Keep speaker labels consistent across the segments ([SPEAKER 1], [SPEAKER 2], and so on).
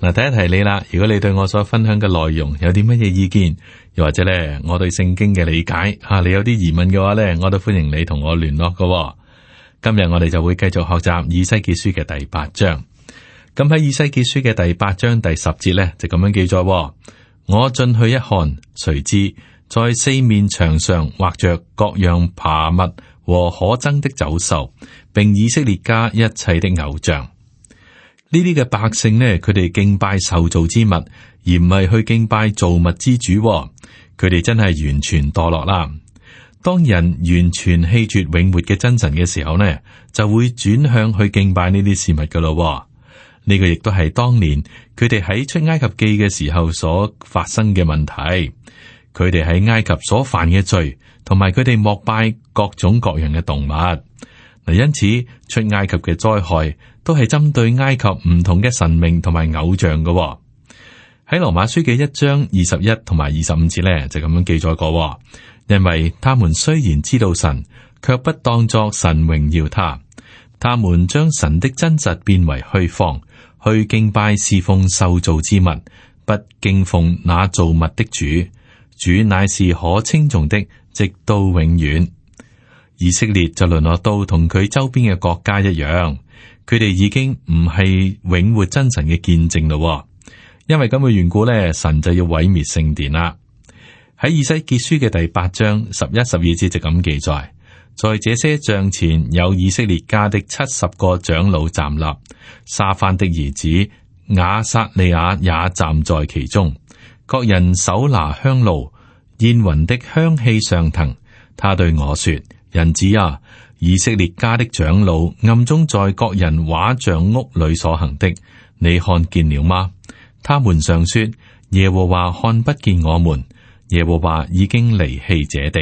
[SPEAKER 1] 嗱，第一提你啦，如果你對我所分享嘅內容有啲乜嘢意見，又或者咧我對聖經嘅理解吓、啊，你有啲疑問嘅話咧，我都歡迎你同我聯絡嘅、哦。今日我哋就會繼續學習以西結書嘅第八章。咁喺以西結書嘅第八章第十節咧，就咁樣記載、哦：我進去一看，誰知在四面牆上畫着各樣爬物和可憎的走獸，並以色列家一切的偶像。呢啲嘅百姓呢，佢哋敬拜受造之物，而唔係去敬拜造物之主。佢哋真係完全墮落啦。當人完全棄絕永活嘅真神嘅時候呢，就會轉向去敬拜呢啲事物嘅咯。呢、這個亦都係當年佢哋喺出埃及記嘅時候所發生嘅問題。佢哋喺埃及所犯嘅罪，同埋佢哋膜拜各種各樣嘅動物。因此，出埃及嘅災害都係針對埃及唔同嘅神明同埋偶像嘅、哦。喺羅馬書嘅一章二十一同埋二十五節咧，就咁樣記載過、哦，因為他們雖然知道神，卻不當作神榮耀他。他們將神的真實變為虛謊，去敬拜侍奉受造之物，不敬奉那造物的主。主乃是可稱頌的，直到永遠。以色列就淪落到同佢周邊嘅國家一樣，佢哋已經唔係永活真神嘅見證咯。因為咁嘅緣故呢，神就要毀滅聖殿啦。喺《以西結書》嘅第八章十一、十二節就咁記載：在這些像前，有以色列家的七十個長老站立，沙番的兒子亞撒利亞也站在其中，各人手拿香爐，煙雲的香氣上騰。他對我說。人子啊，以色列家的長老暗中在各人畫像屋裏所行的，你看見了嗎？他們常說耶和華看不見我們，耶和華已經離棄這地。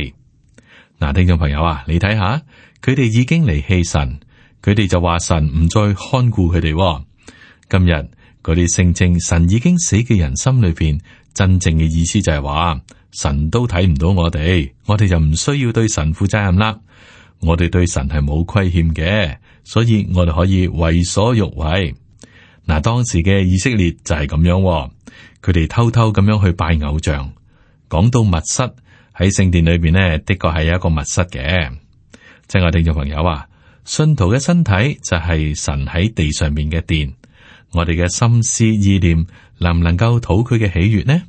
[SPEAKER 1] 嗱、啊，聽眾朋友啊，你睇下，佢哋已經離棄神，佢哋就話神唔再看顧佢哋，哦。今日嗰啲聲稱神已經死嘅人心裏邊真正嘅意思就係話。神都睇唔到我哋，我哋就唔需要對神負責任啦。我哋對神係冇虧欠嘅，所以我哋可以為所欲為。嗱，當時嘅以色列就係咁樣、哦，佢哋偷偷咁樣去拜偶像。講到密室喺聖殿裏邊呢，的確係有一個密室嘅。親愛的聽眾朋友啊，信徒嘅身體就係神喺地上面嘅殿，我哋嘅心思意念能唔能夠討佢嘅喜悅呢？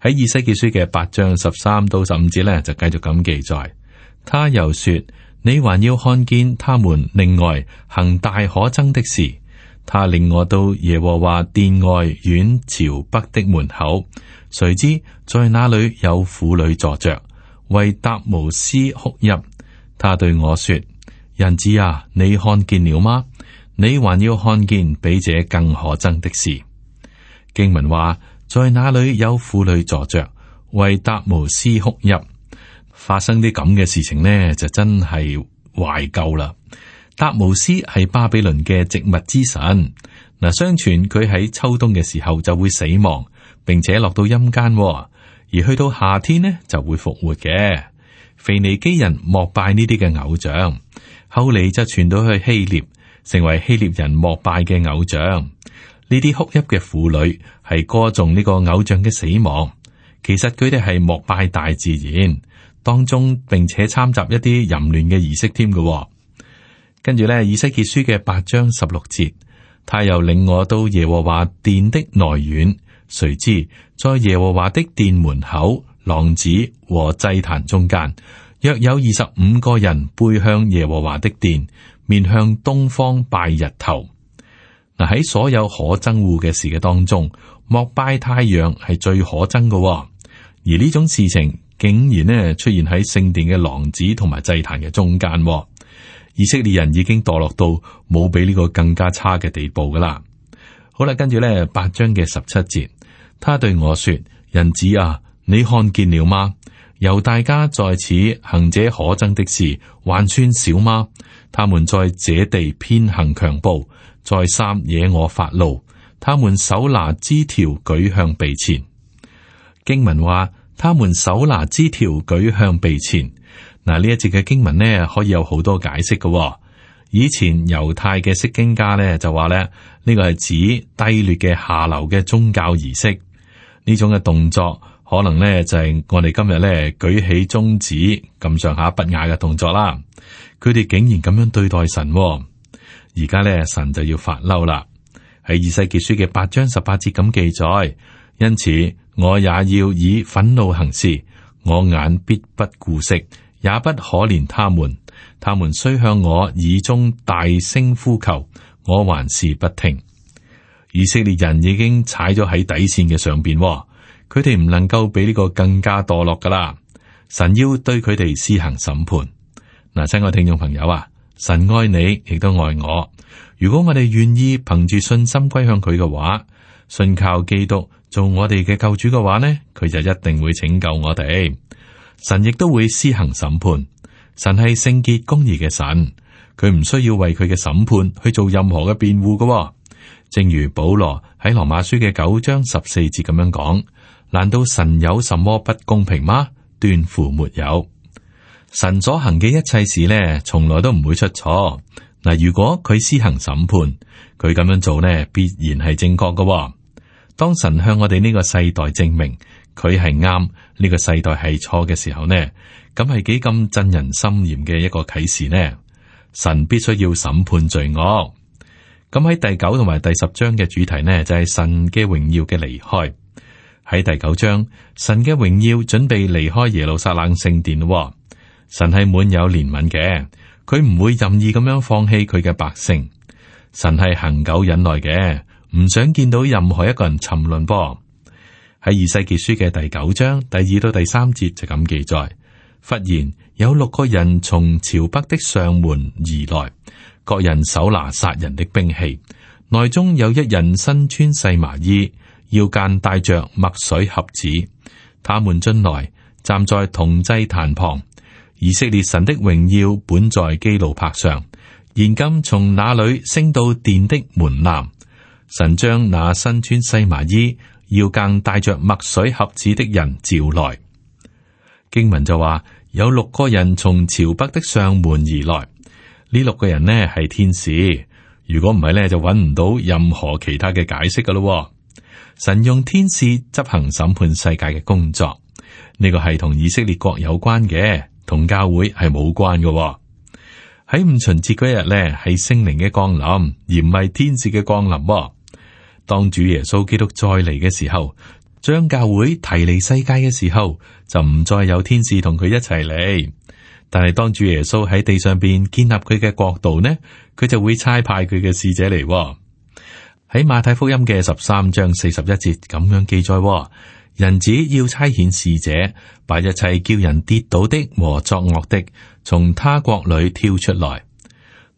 [SPEAKER 1] 喺以西結書嘅八章十三到十五節呢，就繼續咁記載。他又說：你還要看見他們另外行大可憎的事。他領我到耶和華殿外院朝北的門口，誰知在那裏有婦女坐着為達摩斯哭泣。他對我說：人子啊，你看見了嗎？你還要看見比這更可憎的事。經文話。在那裏有婦女坐着為達慕斯哭泣。發生啲咁嘅事情呢，就真係懷舊啦。達慕斯係巴比倫嘅植物之神，嗱，相傳佢喺秋冬嘅時候就會死亡，並且落到陰間喎，而去到夏天呢，就會復活嘅。腓尼基人膜拜呢啲嘅偶像，後嚟就傳到去希臘，成為希臘人膜拜嘅偶像。呢啲哭泣嘅婦女係歌頌呢個偶像嘅死亡，其實佢哋係膜拜大自然當中，並且參雜一啲淫亂嘅儀式添嘅。跟住咧，以西結書嘅八章十六節，他又領我到耶和華殿的內院，誰知在耶和華的殿門口、廊子和祭壇中間，約有二十五個人背向耶和華的殿，面向東方拜日頭。喺所有可憎護嘅事嘅當中，莫拜太陽係最可爭可憎嘅、哦。而呢種事情竟然呢出現喺聖殿嘅廊子同埋祭壇嘅中間、哦。以色列人已經墮落到冇比呢個更加差嘅地步噶啦。好啦，跟住呢八章嘅十七節，他對我說：人子啊，你看見了嗎？由大家在此行者可憎的事，還算少嗎？他們在這地偏行強暴。再三惹我發怒，他們手拿枝條舉向鼻前。經文話，他們手拿枝條舉向鼻前。嗱，呢一節嘅經文咧，可以有好多解釋嘅。以前猶太嘅釋經家咧就話咧，呢個係指低劣嘅下流嘅宗教儀式，呢種嘅動作可能咧就係我哋今日咧舉起中指咁上下不雅嘅動作啦。佢哋竟然咁樣對待神。而家咧，神就要發嬲啦，喺《以西結書》嘅八章十八節咁記載。因此，我也要以憤怒行事，我眼必不顧惜，也不可憐他們。他們雖向我耳中大聲呼求，我還是不聽。以色列人已經踩咗喺底線嘅上邊，佢哋唔能夠比呢個更加墮落噶啦。神要對佢哋施行審判。嗱，親愛的聽眾朋友啊！神愛你，亦都愛我。如果我哋願意憑住信心歸向佢嘅話，信靠基督做我哋嘅救主嘅話呢，佢就一定會拯救我哋。神亦都會施行審判。神係聖潔公義嘅神，佢唔需要為佢嘅審判去做任何嘅辯護嘅。正如保羅喺羅馬書嘅九章十四節咁樣講：「難道神有什麼不公平嗎？斷乎沒有。神所行嘅一切事呢，從來都唔會出錯。嗱，如果佢施行審判，佢咁樣做呢，必然係正確嘅。當神向我哋呢個世代證明佢係啱，呢個世代係錯嘅時候呢，咁係幾咁震人心嚴嘅一個啟示呢？神必須要審判罪惡。咁喺第九同埋第十章嘅主題呢，就係神嘅榮耀嘅離開。喺第九章，神嘅榮耀準備離開耶路撒冷聖殿。神係滿有憐憫嘅，佢唔會任意咁樣放棄佢嘅百姓。神係恒久忍耐嘅，唔想見到任何一個人沉淪。噃。喺《以西結書》嘅第九章第二到第三節就咁記載：忽然有六個人從朝北的上門而來，各人手拿殺人的兵器，內中有一人身穿細麻衣，腰間帶着墨水盒子。他們進來，站在銅祭壇旁。以色列神的榮耀本在基路伯上，現今從那裡升到殿的門檻。神將那身穿細麻衣、腰間帶着墨水盒子的人召來。經文就話有六個人從朝北的上門而來。呢六個人呢係天使，如果唔係呢，就揾唔到任何其他嘅解釋嘅咯。神用天使執行審判世界嘅工作，呢、呢個係同以色列國有關嘅。同教會係冇關嘅。哦，喺五旬節嗰日咧，係聖靈嘅降臨，而唔係天使嘅降臨。哦。當主耶穌基督再嚟嘅時候，將教會提離世界嘅時候，就唔再有天使同佢一齊嚟。但係當主耶穌喺地上邊建立佢嘅國度呢，佢就會差派佢嘅使者嚟。哦。喺馬太福音嘅十三章四十一節咁樣記載。哦。人子要差遣使者，把一切叫人跌倒的和作惡的，從他國裏挑出來。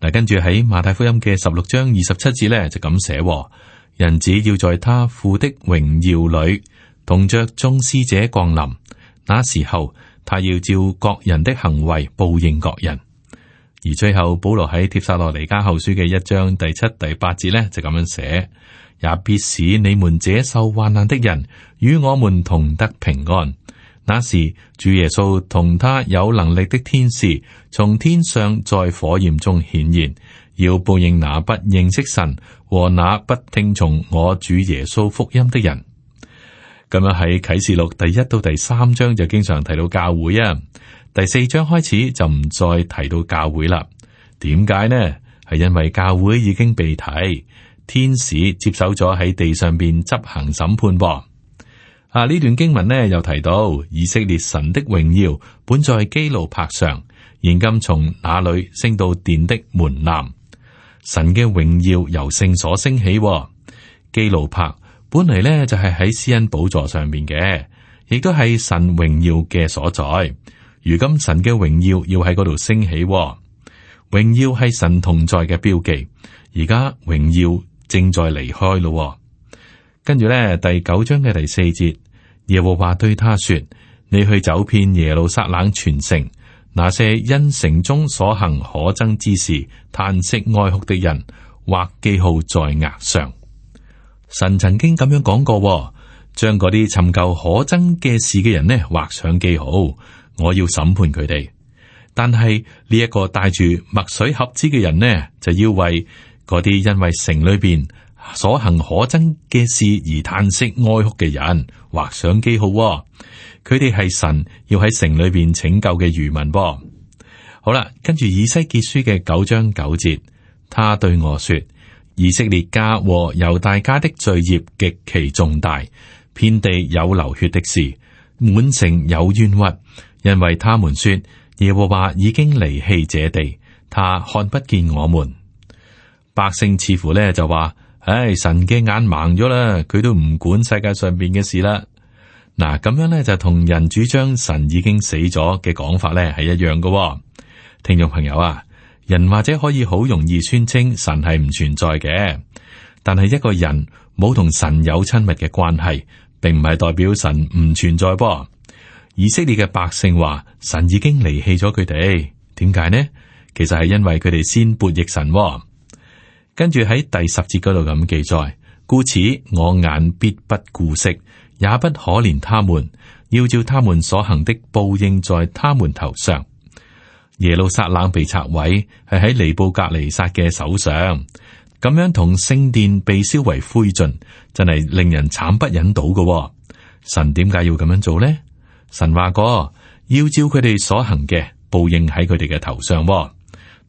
[SPEAKER 1] 嗱，跟住喺馬太福音嘅十六章二十七節咧就咁寫：人子要在他父的榮耀裏同着眾使者降臨。那時候，他要照各人的行為報應各人。而最後，保羅喺帖撒羅尼迦後書嘅一章第七、第八節咧就咁樣寫。也必使你們這受患難的人與我們同得平安。那時，主耶穌同他有能力的天使從天上在火焰中顯現，要報應那不認識神和那不聽從我主耶穌福音的人。咁樣喺啟示錄第一到第三章就經常提到教會啊，第四章開始就唔再提到教會啦。點解呢？係因為教會已經被提。天使接手咗喺地上邊執行審判。噉啊，呢段經文呢又提到，以色列神的榮耀本在基路柏上，現今從那裏升到殿的門檻。神嘅榮耀由聖所升起。基路柏本嚟呢就係喺施恩寶座上面嘅，亦都係神榮耀嘅所在。如今神嘅榮耀要喺嗰度升起。榮耀係神同在嘅標記。而家榮耀。正在離開咯，跟住咧第九章嘅第四節，耶和華對他說：你去走遍耶路撒冷全城，那些因城中所行可憎之事嘆息哀哭的人，畫記號在額上。神曾經咁樣講過，將嗰啲尋求可憎嘅事嘅人呢畫上記號，我要審判佢哋。但係呢一個帶住墨水盒子嘅人呢，就要為。嗰啲因為城裏邊所行可憎嘅事而嘆息哀哭嘅人，畫上記號。佢哋係神要喺城裏邊拯救嘅餘民。噃。好啦，跟住以西結書嘅九章九節，他對我說：以色列家和猶大家的罪孽極其重大，遍地有流血的事，滿城有冤屈，因為他們說耶和華已經離棄這地，他看不見我們。百姓似乎咧就話，唉、哎，神嘅眼盲咗啦，佢都唔管世界上邊嘅事啦。嗱，咁樣咧就同人主張神已經死咗嘅講法咧係一樣嘅、哦。聽眾朋友啊，人或者可以好容易宣稱神係唔存在嘅，但係一個人冇同神有親密嘅關係，並唔係代表神唔存在。噃。以色列嘅百姓話神已經離棄咗佢哋，點解呢？其實係因為佢哋先叛逆神、哦。跟住喺第十節嗰度咁記載，故此我眼必不顧惜，也不可憐他們，要照他們所行的報應在他們頭上。耶路撒冷被拆毀，係喺尼布甲尼撒嘅手上，咁樣同聖殿被燒為灰燼，真係令人慘不忍睹嘅、哦。神點解要咁樣做呢？神話過，要照佢哋所行嘅報應喺佢哋嘅頭上、哦。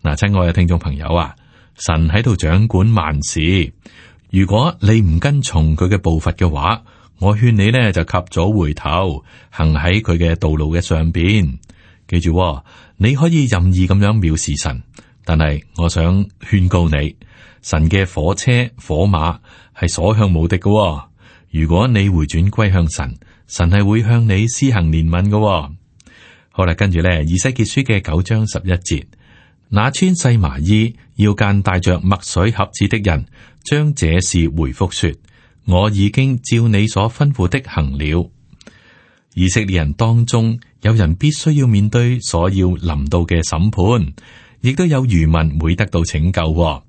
[SPEAKER 1] 嗱、啊，親愛嘅聽眾朋友啊！神喺度掌管萬事。如果你唔跟從佢嘅步伐嘅話，我勸你呢就及早回頭行喺佢嘅道路嘅上邊。記住、哦，你可以任意咁樣藐視神，但係我想勸告你，神嘅火車火馬係所向無敵嘅、哦。如果你回轉歸向神，神係會向你施行憐憫嘅、哦。好啦，跟住呢，以西結書嘅九章十一節，那穿細麻衣。要腰間帶着墨水盒子的人，將這事回覆說：我已經照你所吩咐的行了。以色列人當中有人必須要面對所要臨到嘅審判，亦都有餘民會得到拯救、哦。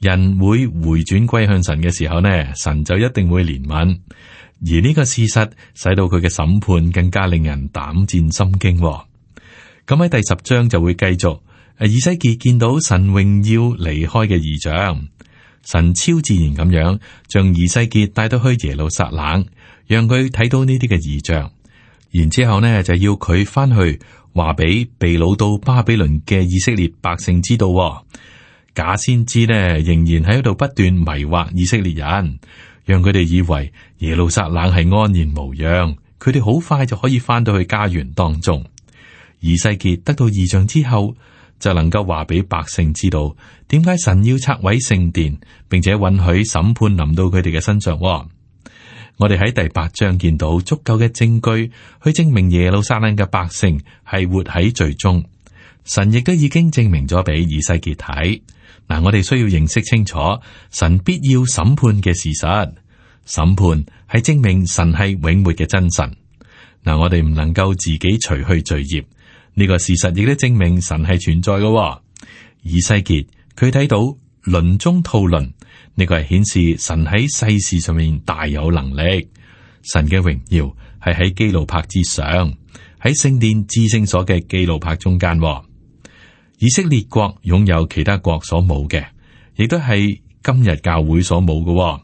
[SPEAKER 1] 人會回轉歸向神嘅時候呢，神就一定會憐憫。而呢個事實使到佢嘅審判更加令人膽戰心驚、哦。咁喺第十章就會繼續。而以西結見到神榮耀離開嘅異象，神超自然咁樣，將以西結帶到去耶路撒冷，讓佢睇到呢啲嘅異象。然之後咧，就要佢翻去話俾被擄到巴比倫嘅以色列百姓知道。假先知呢，仍然喺度不斷迷惑以色列人，讓佢哋以為耶路撒冷係安然無恙，佢哋好快就可以翻到去家園當中。以西結得到異象之後。就能夠話俾百姓知道，點解神要拆毀聖殿，並且允許審判臨到佢哋嘅身上。我哋喺第八章見到足夠嘅證據，去證明耶路撒冷嘅百姓係活喺罪中。神亦都已經證明咗俾以西結睇。嗱，我哋需要認識清楚神必要審判嘅事實。審判係證明神係永活嘅真神。嗱，我哋唔能夠自己除去罪孽。呢個事實亦都證明神係存在嘅、哦。以西結佢睇到輪中套輪，呢、這個係顯示神喺世事上面大有能力。神嘅榮耀係喺基路柏之上，喺聖殿至聖所嘅基路柏中間、哦。以色列國擁有其他國所冇嘅，亦都係今日教會所冇嘅、哦。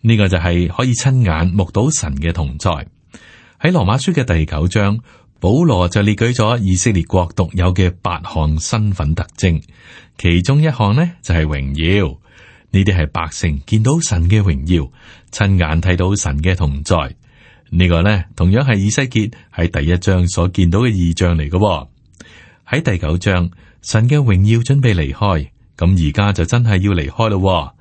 [SPEAKER 1] 呢、這個就係可以親眼目睹神嘅同在。喺羅馬書嘅第九章。保羅就列舉咗以色列國獨有嘅八項身份特徵，其中一項呢就係、是、榮耀。呢啲係百姓見到神嘅榮耀，親眼睇到神嘅同在。呢、這個呢同樣係以西結喺第一章所見到嘅異象嚟嘅。喺第九章，神嘅榮耀準備離開，咁而家就真係要離開咯。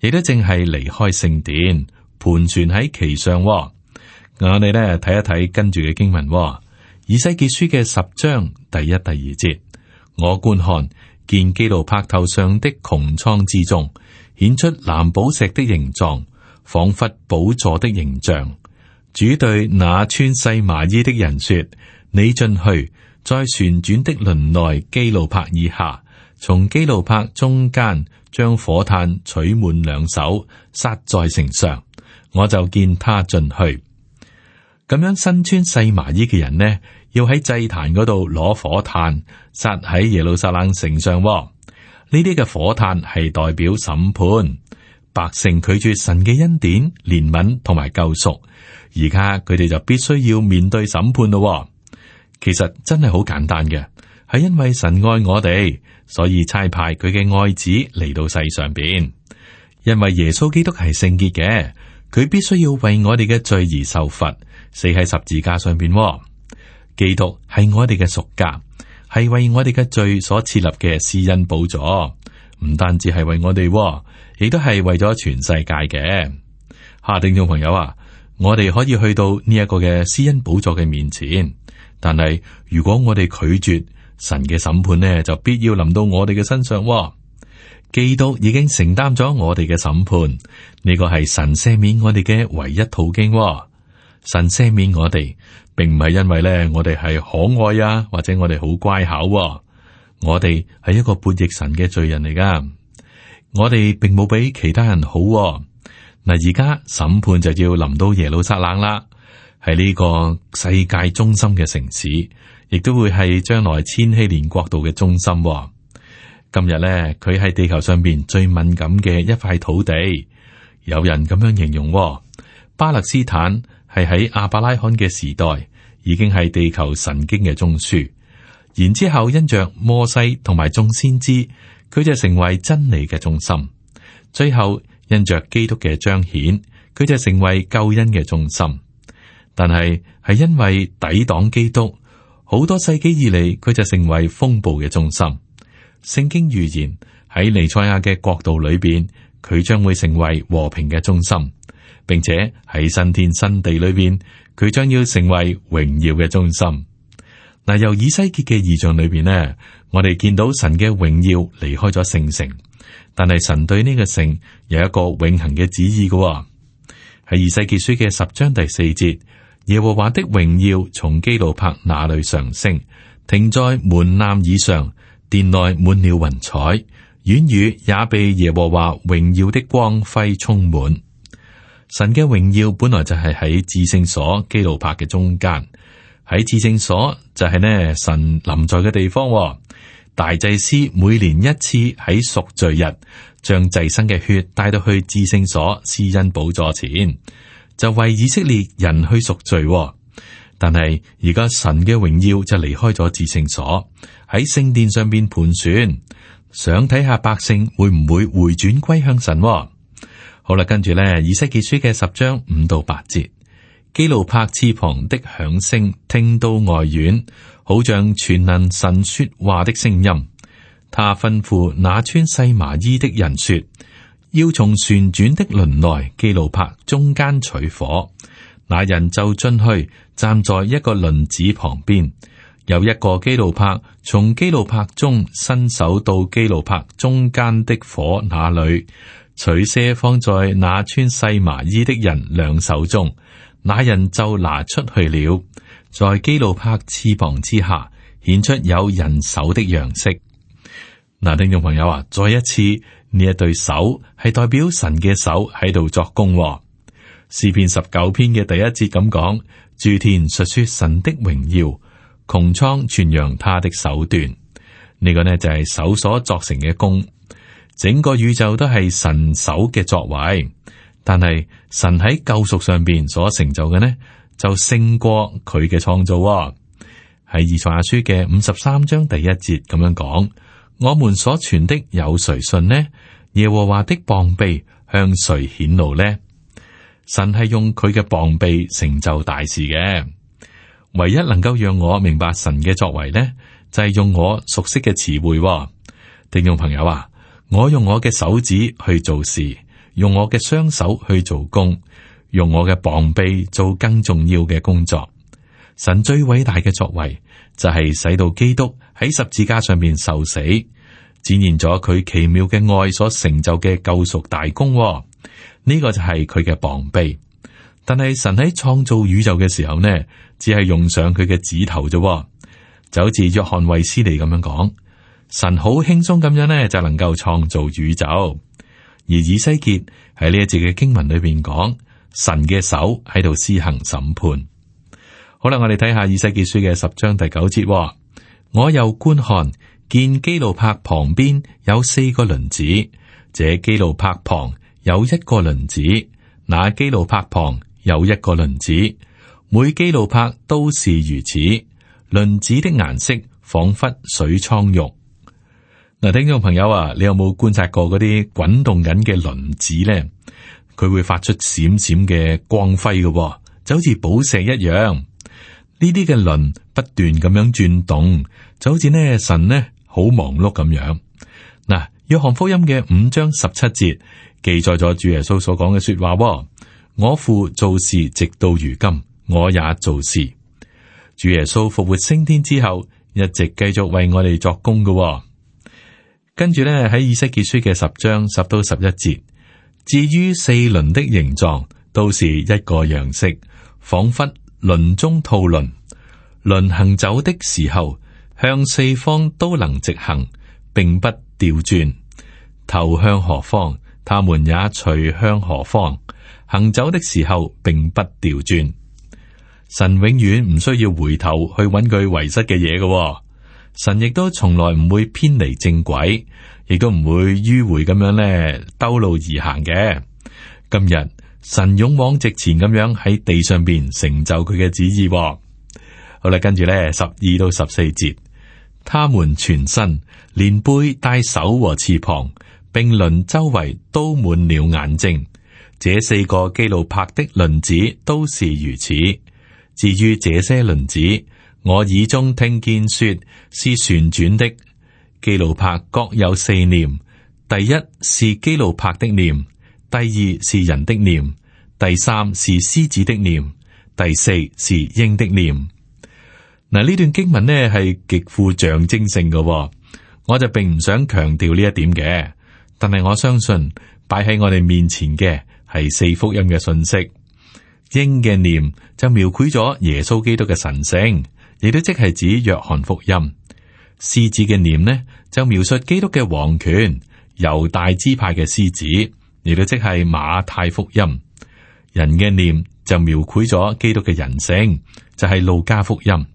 [SPEAKER 1] 亦都正係離開聖殿，盤存喺其上。我哋呢睇一睇跟住嘅經文。以西結書嘅十章第一、第二節，我觀看見基路柏頭上的穹蒼之中，顯出藍寶石的形狀，仿佛寶座的形象。主對那穿細麻衣的人說：你進去，在旋轉的輪內基路柏以下，從基路柏中間將火炭取滿兩手，撒在城上，我就見他進去。咁樣身穿細麻衣嘅人呢，要喺祭壇嗰度攞火炭，撒喺耶路撒冷城上，哦。呢啲嘅火炭係代表審判，百姓拒絕神嘅恩典、憐憫同埋救贖。而家佢哋就必須要面對審判咯，哦。其實真係好簡單嘅，係因為神愛我哋，所以差派佢嘅愛子嚟到世上邊。因為耶穌基督係聖潔嘅。佢必須要為我哋嘅罪而受罰，死喺十字架上邊，哦。基督係我哋嘅贖價，係為我哋嘅罪所設立嘅施恩寶座，唔單止係為我哋，哦，亦都係為咗全世界嘅。吓、啊，聽眾朋友啊，我哋可以去到呢一個嘅施恩寶座嘅面前，但係如果我哋拒絕神嘅審判呢，就必要臨到我哋嘅身上，哦。基督已經承擔咗我哋嘅審判，呢、這個係神赦免我哋嘅唯一途徑、哦。神赦免我哋，並唔係因為咧我哋係可愛啊，或者我哋好乖巧、哦。我哋係一個叛逆神嘅罪人嚟噶，我哋並冇比其他人好、哦。嗱，而家審判就要臨到耶路撒冷啦，係呢個世界中心嘅城市，亦都會係將來千禧年國度嘅中心、哦。今日呢，佢係地球上面最敏感嘅一塊土地。有人咁樣形容，哦：巴勒斯坦係喺亞伯拉罕嘅時代已經係地球神經嘅中樞，然之後因着摩西同埋眾先知，佢就成為真理嘅中心；最後因着基督嘅彰顯，佢就成為救恩嘅中心。但係係因為抵擋基督，好多世紀以嚟，佢就成為風暴嘅中心。聖經預言喺彌賽亞嘅國度裏邊，佢將會成為和平嘅中心，並且喺新天新地裏邊，佢將要成為榮耀嘅中心。嗱、呃，由以西結嘅異象裏邊呢，我哋見到神嘅榮耀離開咗聖城，但係神對呢個城有一個永恆嘅旨意嘅，喺以西結書嘅十章第四節，耶和華的榮耀從基路柏那裏上升，停在門檻以上。殿內滿了雲彩，院宇也被耶和華榮耀的光輝充滿。神嘅榮耀本來就係喺至聖所基路伯嘅中間，喺至聖所就係呢神臨在嘅地方。大祭司每年一次喺贖罪日，將祭牲嘅血帶到去至聖所施恩寶座前，就為以色列人去贖罪。但係而家神嘅榮耀就離開咗至聖所。喺聖殿上邊盤旋，想睇下百姓會唔會回轉歸向神。好啦，跟住呢，以西結書嘅十章五到八節，基路伯翅膀的響聲聽到外院，好像全能神說話的聲音。他吩咐那穿細麻衣的人說：要從旋轉的輪內基路伯中間取火。那人就進去，站在一個輪子旁邊。有一個基路伯從基路伯中伸手到基路伯中間的火那裏，取些放在那穿細麻衣的人兩手中，那人就拿出去了，在基路伯翅膀之下顯出有人手的樣式。嗱、啊，聽眾朋友啊，再一次呢一對手係代表神嘅手喺度作工、哦。詩篇十九篇嘅第一節咁講：諸天述說神的榮耀。窮蒼傳揚他的手段，呢、這個呢就係手所作成嘅功。整個宇宙都係神手嘅作為。但係神喺救贖上邊所成就嘅呢，就勝過佢嘅創造、哦。喺以賽亞書嘅五十三章第一節咁樣講：，我們所傳的有誰信呢？耶和華的膀臂向誰顯露呢？神係用佢嘅膀臂成就大事嘅。唯一能夠讓我明白神嘅作為呢，就係、是、用我熟悉嘅詞彙。聽眾朋友啊，我用我嘅手指去做事，用我嘅雙手去做工，用我嘅膀臂做更重要嘅工作。神最偉大嘅作為就係使到基督喺十字架上面受死，展現咗佢奇妙嘅愛所成就嘅救贖大功、哦。呢、這個就係佢嘅膀臂。但係神喺創造宇宙嘅時候呢，只係用上佢嘅指頭啫，就好似約翰衛斯利咁樣講，神好輕鬆咁樣呢就能夠創造宇宙。而以西結喺呢一節嘅經文裏邊講，神嘅手喺度施行審判。好啦，我哋睇下以西結書嘅十章第九節，我又觀看，見基路柏旁邊有四個輪子，這基路柏旁有一個輪子，那基路柏旁。有一個輪子，每基路伯都是如此。輪子的顏色仿佛水蒼玉。嗱，聽眾朋友啊，你有冇觀察過嗰啲滾動緊嘅輪子咧？佢會發出閃閃嘅光輝嘅，就好似寶石一樣。呢啲嘅輪不斷咁樣轉動，就好似呢神呢好忙碌咁樣。嗱，約翰福音嘅五章十七節記載咗主耶穌所講嘅說話。我父做事，直到如今，我也做事。主耶穌復活升天之後，一直繼續為我哋作工嘅、哦，跟住咧喺《以西結書》嘅十章十到十一節，至於四輪的形狀，都是一個樣式，仿佛輪中套輪。輪行走的時候，向四方都能直行，並不調轉。頭向何方，他們也隨向何方。行走的時候並不掉轉，神永遠唔需要回頭去揾佢遺失嘅嘢嘅，神亦都從來唔會偏離正軌，亦都唔會迂回咁樣咧兜路而行嘅。今日神勇往直前咁樣喺地上邊成就佢嘅旨意、哦。好啦，跟住咧十二到十四節，他們全身連背帶手和翅膀，並輪周圍都滿了眼睛。這四個基路柏的輪子都是如此。至於這些輪子，我耳中聽見說是旋轉的。基路柏各有四臉：第一是基路柏的臉，第二是人的臉，第三是獅子的臉，第四是鷹的臉。嗱，呢段經文呢係極富象徵性嘅，我就並唔想強調呢一點嘅。但係我相信擺喺我哋面前嘅。係四福音嘅信息，鷹嘅念就描繪咗耶穌基督嘅神性，亦都即係指約翰福音。獅子嘅念呢就描述基督嘅王權，猶大支派嘅獅子，亦都即係馬太福音。人嘅念就描繪咗基督嘅人性，就係、是、路加福音。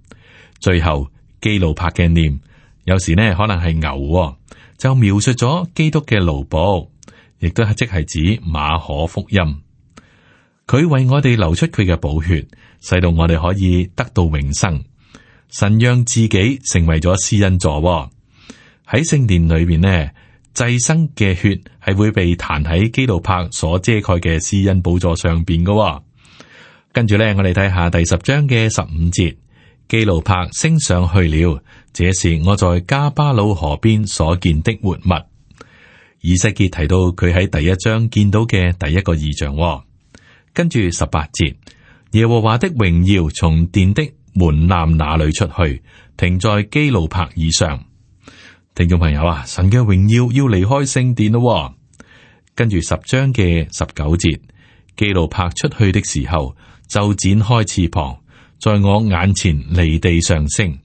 [SPEAKER 1] 最後，基路伯嘅念有時呢可能係牛，就描述咗基督嘅勞苦。亦都係即係指馬可福音，佢為我哋流出佢嘅寶血，使到我哋可以得到永生。神讓自己成為咗施恩座喎。喺聖殿裏面呢，祭牲嘅血係會被彈喺基路伯所遮蓋嘅施恩寶座上邊嘅。跟住咧，我哋睇下第十章嘅十五節，基路伯升上去了。這是我在加巴魯河邊所見的活物。以西結提到佢喺第一章見到嘅第一個異象、哦，跟住十八節，耶和華的榮耀從殿的門檻那裏出去，停在基路柏以上。聽眾朋友啊，神嘅榮耀要離開聖殿咯、哦。跟住十、啊哦、章嘅十九節，基路柏出去的時候就展開翅膀，在我眼前離地上升，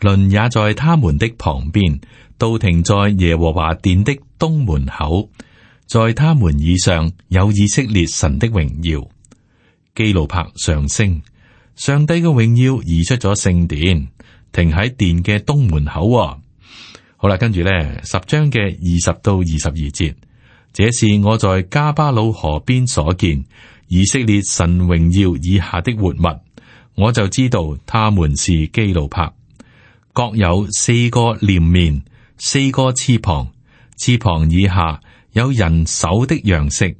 [SPEAKER 1] 輪也在他，在他們的旁邊，都停在耶和華殿的東門口，在他們以上有以色列神的榮耀。基路柏上升，上帝嘅榮耀移出咗聖殿，停喺殿嘅東門口哦。好啦，跟住呢，十章嘅二十到二十二節，這是我在加巴魯河邊所見以色列神榮耀以下的活物，我就知道他們是基路柏，各有四個臉面，四個翅膀。翅膀以下有人手的樣式，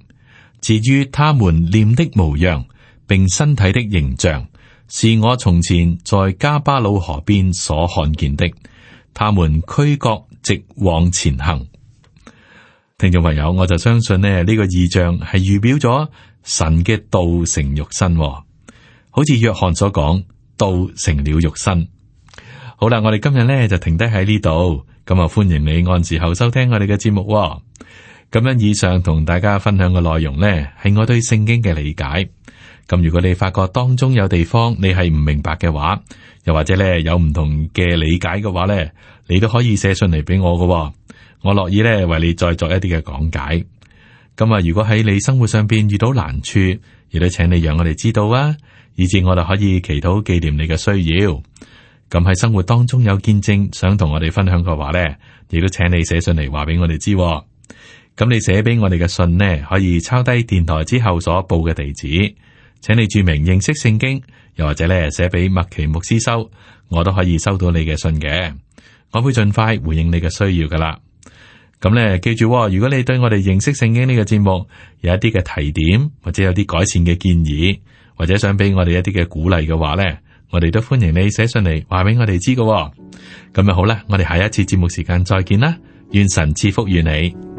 [SPEAKER 1] 至於他們臉的模樣並身體的形象，是我從前在迦巴魯河邊所看見的。他們俱各直往前行。聽眾朋友，我就相信咧，呢個異象係預表咗神嘅道成肉身，好似約翰所講，道成了肉身。好啦，我哋今日呢就停低喺呢度。咁啊，歡迎你按時候收聽我哋嘅節目哦。咁樣以上同大家分享嘅內容呢，係我對聖經嘅理解。咁如果你發覺當中有地方你係唔明白嘅話，又或者咧有唔同嘅理解嘅話呢，你都可以寫信嚟俾我噶，我樂意咧為你再作一啲嘅講解。咁啊，如果喺你生活上邊遇到難處，亦都請你讓我哋知道啊，以至我哋可以祈禱紀念你嘅需要。咁喺生活當中有見證，想同我哋分享嘅話呢，亦都請你寫信嚟話俾我哋知。咁你寫俾我哋嘅信呢，可以抄低電台之後所報嘅地址，請你注明認識聖經，又或者咧寫俾麥奇牧師收，我都可以收到你嘅信嘅，我會儘快回應你嘅需要噶啦。咁咧，記住，如果你對我哋認識聖經呢個節目有一啲嘅提點，或者有啲改善嘅建議，或者想俾我哋一啲嘅鼓勵嘅話呢。我哋都歡迎你寫信嚟，話俾我哋知㗎。咁就好啦，我哋下一次節目時間再見啦，願神賜福與你。